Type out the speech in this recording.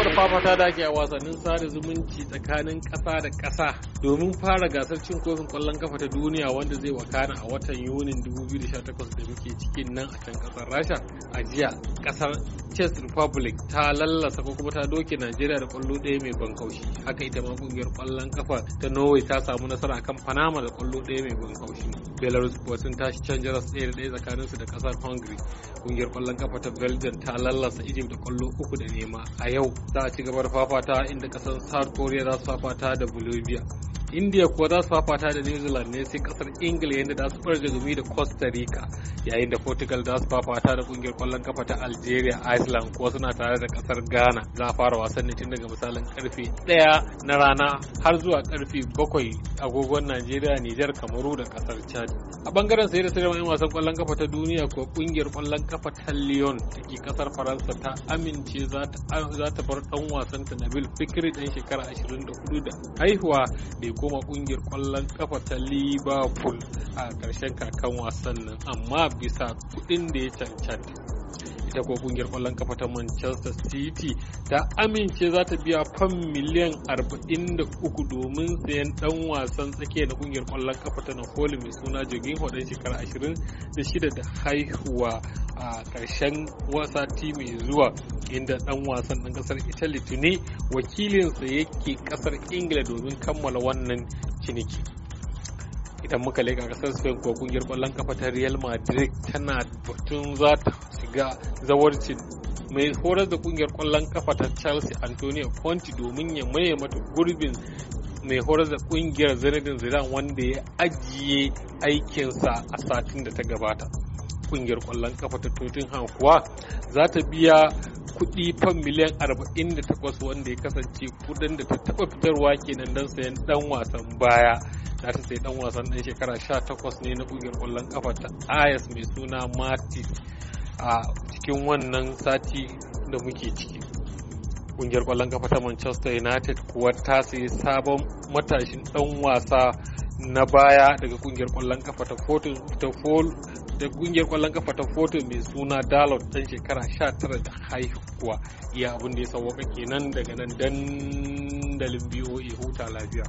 gabar fafata da ake a wasannin sada zumunci tsakanin kasa da kasa domin fara gasar cin kofin ƙwallon kafa ta duniya wanda zai wakana a watan yunin 2018 da muke cikin nan a can ƙasar rasha a jiya ƙasar czech republic ta lallasa ko kuma ta doke najeriya da ƙwallo ɗaya mai ban kaushi haka ita ma kungiyar ƙwallon kafa ta norway ta samu nasara akan panama da ƙwallo ɗaya mai ban belarus kuwa sun tashi can jaras ɗaya da ɗaya su da kasar hungary ƙungiyar kwallon kafa ta belgium ta lallasa egypt da ƙwallo uku da nema a yau za a ci gaba da fafata inda kasar south korea za su fafata da bolivia indiya kuwa za su fafata da new zealand ne sai kasar ingila yadda za su barge gumi da costa rica yayin da portugal za su fafata da kungiyar kwallon kafa ta algeria iceland kuwa suna tare da kasar ghana za a fara wasan ne tun daga misalin karfe 1 na rana har zuwa karfe 7 agogon nigeria niger kamaru da kasar chad a bangaren sai da sirrin wasan kwallon kafa ta duniya kuwa kungiyar kwallon kafa ta lyon ta ke kasar faransa ta amince za ta bar dan wasan ta nabil fikri dan shekara 24 da haihuwa da kuma kungiyar kwallon kafa ta liverpool a ƙarshen kakan wasan nan amma bisa kuɗin da ya cancanta ita ko kungiyar kwallon kafa ta manchester city ta amince za ta biya fam miliyan 43 domin sayan dan wasan tsakiya na kungiyar kwallon kafa ta napoli mai suna jogin hodon shekara 26 da haihuwa a ƙarshen wasa mai zuwa inda dan wasan ɗan kasar italy tuni wakilinsa yake kasar ingila domin kammala wannan ciniki idan muka leka kasar spain ko kungiyar ƙwallon kafa ta real madrid tana batun za ta shiga zawarcin mai horar da kungiyar kwallon kafa ta chelsea antonio conte domin ya maye mata gurbin mai horar da kungiyar zinedine zidane wanda ya ajiye aikinsa a satin da ta gabata kungiyar kwallon kafa ta tottenham kuwa za ta biya kuɗi fan miliyan 48 wanda ya kasance kudin da ta taba fitarwa kenan don sayan dan wasan baya za ta sayi dan wasan ɗan shekara 18 ne na kungiyar kwallon kafa ta ayas mai suna martis a cikin wannan sati da muke ciki kungiyar kwallon kafa ta manchester united kuwa ta sayi sabon matashin dan wasa na baya daga kungiyar kwallon kafa ta da kungiyar kwallon kafa ta foto mai suna dalot dan shekara 19 da haihuwa iya abin da ya sauwaka kenan daga nan dandalin boa huta lafiya